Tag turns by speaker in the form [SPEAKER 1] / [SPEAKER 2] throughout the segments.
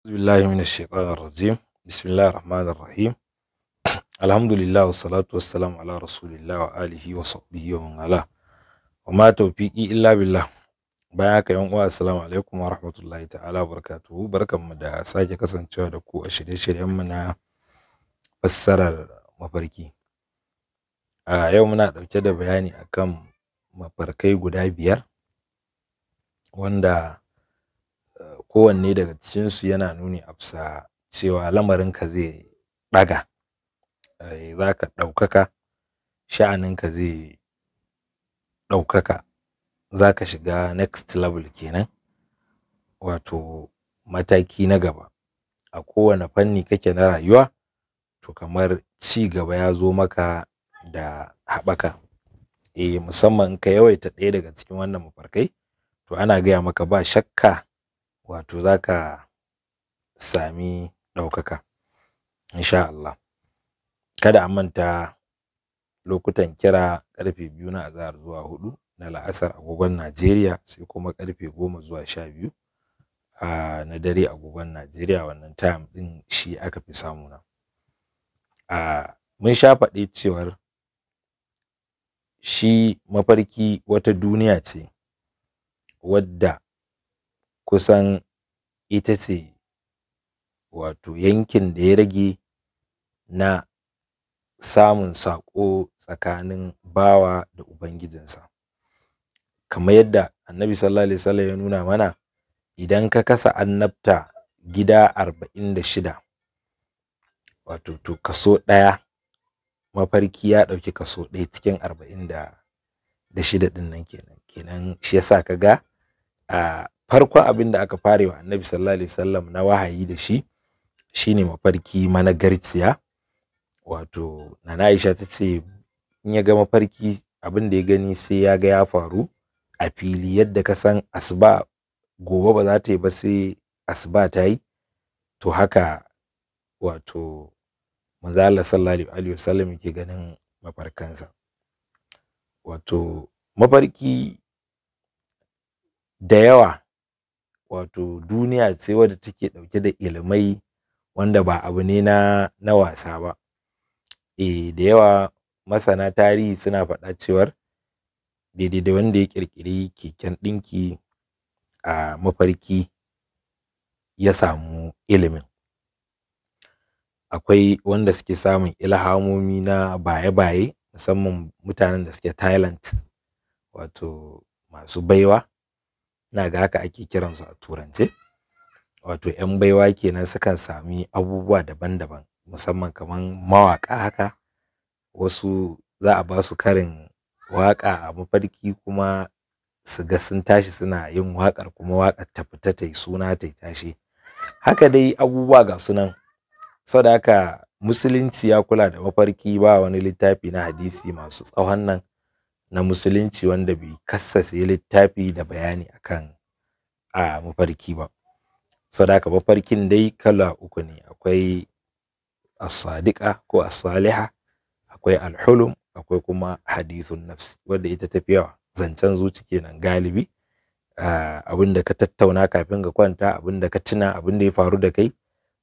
[SPEAKER 1] أعوذ بالله من الشيطان الرجيم بسم الله الرحمن الرحيم الحمد لله والصلاة والسلام على رسول الله وآله وصحبه ومن والاه وما توفيقي إلا بالله bayan haka yan uwa assalamu alaikum wa rahmatullahi ta'ala da sake kasancewa da ku shirye-shiryen mu na fassarar mafarki a yau muna ɗauke da bayani akan mafarkai guda biyar wanda kowanne daga cikinsu yana nuni a fusa cewa lamarinka zai ɗaga eh, za ka ɗaukaka sha'aninka zai ɗaukaka za ka shiga next level kenan wato mataki na gaba a kowane fanni kake na rayuwa to kamar ci gaba ya zo maka da haɓaka eh musamman ka yawaita ɗaya daga cikin wannan mafarkai to ana gaya maka ba shakka wato za ka sami ɗaukaka insha Allah. Kada a manta lokutan kira ƙarfe biyu na azahar zuwa hudu na la'asar agogon Najeriya sai kuma ƙarfe goma zuwa sha biyu na dare agogon Najeriya wannan time ɗin shi aka fi samu na. a mun sha faɗi cewar shi mafarki wata duniya ce wadda kusan ita ce wato yankin da ya rage na samun saƙo tsakanin bawa da ubangijinsa kamar yadda annabi sallallahu alaihi wasallam ya nuna mana idan ka kasa annabta gida arba'in da shida wato to kaso ɗaya mafarki ya ɗauki kaso ɗaya cikin arba'in da shida ɗin kenan kenan shi yasa ka ga a ah, farkon abin da aka wa annabi sallallahu alaihi wasallam na wahayi da shi shine mafarki mana garciya wato nana Aisha ta ce in ya ga mafarki abin da ya gani sai ya ga ya faru a fili yadda ka san asuba gobe ba za ta yi ba sai asuba ta yi to haka wato manzo Allah sallallahu alaihi wasallam yake ganin mafarkansa wato mafarki da yawa wato duniya ce wadda take ɗauke da ilimai wanda ba abu ne na na wasa ba eh da yawa masana tarihi suna faɗa cewar daidai da wanda ya ƙirƙiri keken ɗinki a mafarki ya samu ilimin akwai wanda suke samun ilhamomi na baye-baye musamman mutanen da suke Thailand wato masu baiwa ina ga haka ake kiransu a turance wato 'yan baiwa kenan sukan sami abubuwa daban-daban musamman kaman mawaka haka wasu za a ba su karin waƙa a mafarki kuma su ga sun tashi suna yin waƙar kuma waƙar ta fita ta yi suna ta yi tashi haka dai abubuwa ga sunan saboda haka musulunci ya kula da mafarki ba wani littafi na hadisi masu tsawon nan na musulunci wanda bai kassase littafi da bayani akan a mafarki ba sadaka mafarkin dai kala uku ne akwai as-sadiqa ko as-saliha akwai al-hulum akwai kuma hadithun nafsi wanda ita tafi yawa zancen zuci kenan galibi abinda ka tattauna kafin ka kwanta abinda ka tuna abinda ya faru da kai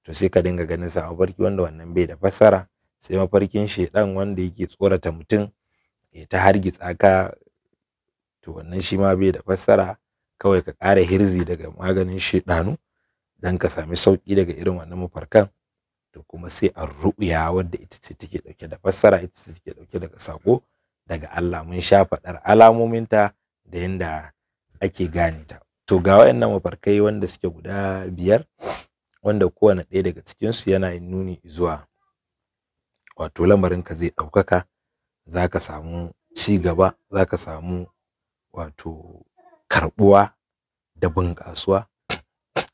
[SPEAKER 1] to sai ka dinga ganin sa mafarki wanda wannan bai da fassara sai mafarkin shedan wanda yake tsorata mutum ya ta hargitsa ka to wannan shi ma bai da fassara kawai ka ƙara hirzi daga maganin shedanu dan ka sami sauki daga irin wannan mafarkan to kuma sai an ru'ya wadda ita ce take dauke da fassara ita ce take dauke daga sako daga Allah mun sha faɗar alamominta da yanda ake gane ta to ga wayannan mafarkai wanda suke guda biyar wanda kowane ɗaya daga cikinsu yana yin nuni zuwa wato lamarin ka zai ɗaukaka za ka samu ci gaba za ka samu wato karbuwa da bunƙasuwa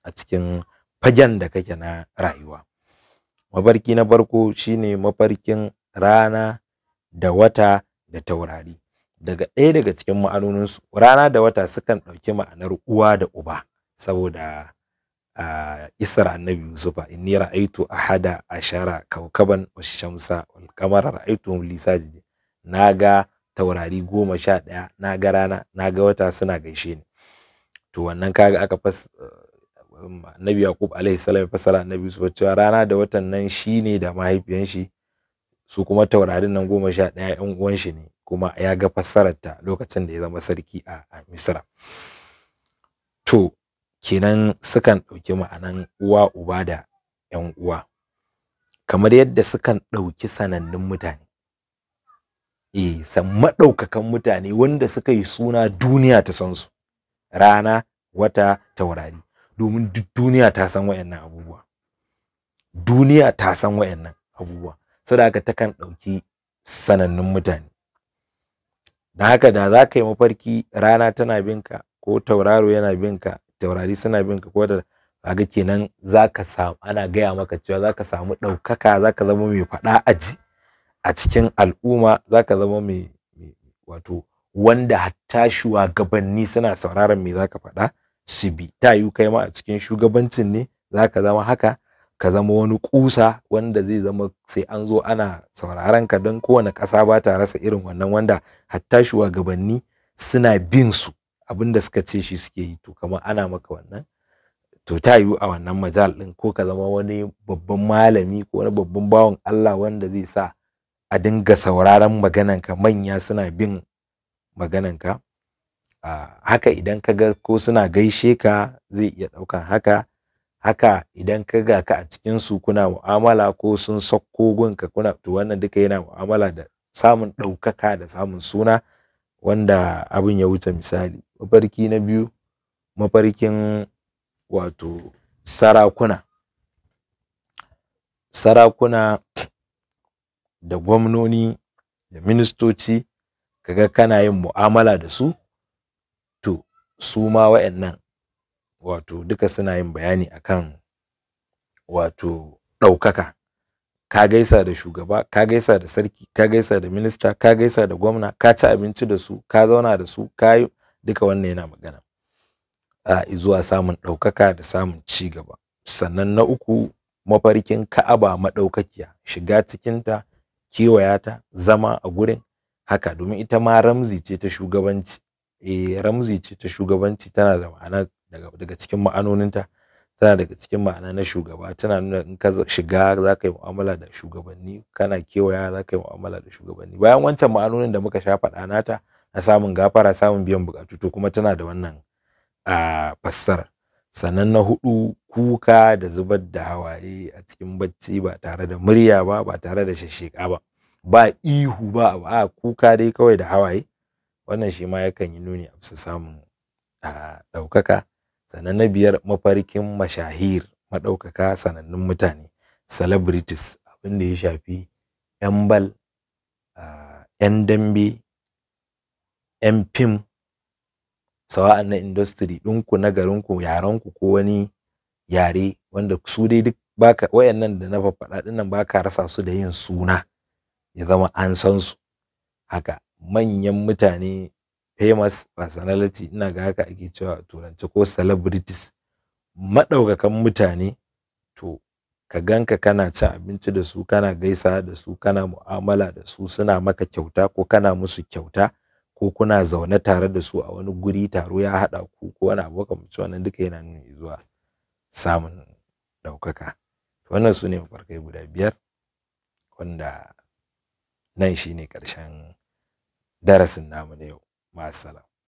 [SPEAKER 1] a cikin fagen da kake na rayuwa mafarki na farko shine mafarkin rana da wata da taurari daga ɗaya daga cikin ma'anoninsu rana da wata sukan ɗauki ma'anar uwa da uba saboda a isar annabi yusufa inni ra'aitu ahada ashara kawkaban wash shamsa wal qamara ra'aytuhum li sajidin na ga taurari goma sha ɗaya na ga rana na ga wata suna gaishe ni to wannan kaga aka fas eh, nabi yaqub alaihi salam ya fasara nabi su cewa rana da watan nan shine da mahaifiyan shi su kuma taurarin nan goma sha ɗaya yan uwan shi ne kuma ya ga fassarar ta lokacin da ya zama sarki a, a misra to kenan sukan ɗauki ma'anan uwa uba da yan uwa kamar yadda sukan ɗauki sanannun mutane E, san maɗaukakan mutane wanda suka yi suna duniya ta san su rana wata taurari domin duk duniya ta san wayannan abubuwa duniya ta san wayannan abubuwa saboda haka takan ɗauki sanannun mutane da haka da za ka yi mafarki rana tana binka ko tauraro yana binka taurari suna binka ko da kaga kenan za samu ana gaya maka cewa za ka samu ɗaukaka za ka zama mai faɗa aji a cikin al'umma zaka zama mai wato wanda hatta shugabanni suna sauraron me zaka faɗa su bi ta yiwu kai ma a cikin shugabancin ne zaka zama haka ka zama wani kusa wanda zai zama sai an zo ana sauraron ka don kowane ƙasa ba ta rasa irin wannan wanda hatta shugabanni suna bin su abin da suka ce shi suke yi to kamar ana maka wannan to ta yiwu a wannan majal ɗin ko ka zama wani babban malami ko wani babban bawan Allah wanda zai sa a dinga sauraron ka manya suna bin magananka haka idan kaga ko suna gaishe ka zai iya ɗaukan haka haka idan ka ga ka a cikin su kuna mu'amala ko sun sakko gunka kuna to wannan duka yana mu'amala da samun ɗaukaka da samun suna wanda abin ya wuce misali mafarki na biyu mafarkin wato sarakuna sarakuna da gwamnoni da ministoci kaga kana yin mu'amala da su to su ma wa'annan wato duka suna yin bayani akan wato ɗaukaka ka gaisa da shugaba ka gaisa da sarki ka gaisa da minista ka gaisa da gwamna ka ci abinci da su ka zauna da su ka yi duka wannan yana magana a zuwa samun ɗaukaka da samun ci gaba sannan na uku mafarkin ka'aba maɗaukakiya shiga cikinta Kewayata zama a gurin haka domin ita ma ramzi ce ta shugabanci eh ramzi ce ta shugabanci tana da ma'ana daga cikin ma'anoninta tana daga cikin ma'ana na shugaba tana nuna in ka shiga za ka yi mu'amala da shugabanni kana kewaya za ka yi mu'amala da shugabanni bayan wancan ma'anonin da muka sha faɗa nata na samun gafara samun biyan bukatu to kuma tana da wannan a ah, fassara sannan na hudu kuka da zubar da hawaye a cikin bacci ba tare da murya ba ba tare da shasheka ba ba ihu ba a kuka dai kawai da hawaye wannan shi ma yakan yi nuni a bisa samun ɗaukaka sannan na biyar mafarkin mashahir maɗaukaka sanannun mutane celebrities abin da ya shafi 'yan bal 'yan dambe 'yan fim sawa'an na industry ɗinku na garinku yarenku ko wani yare wanda su dai duk baka wayannan da na faffaɗa dinnan baka rasa su da yin suna ya zama an san su haka manyan mutane famous personality ina ga haka ake cewa turanci ko celebrities maɗaukakan mutane to ka ganka kana cin abinci da su kana gaisa da su kana mu'amala da su suna maka kyauta ko kana musu kyauta ko kuna zaune tare da su a wani guri taro ya haɗa ku ko wani abu kamar wannan duka yana nuni zuwa samun ɗaukaka wannan su ne mafarkai guda biyar wanda nan shine ƙarshen darasin namu na yau ma'assalam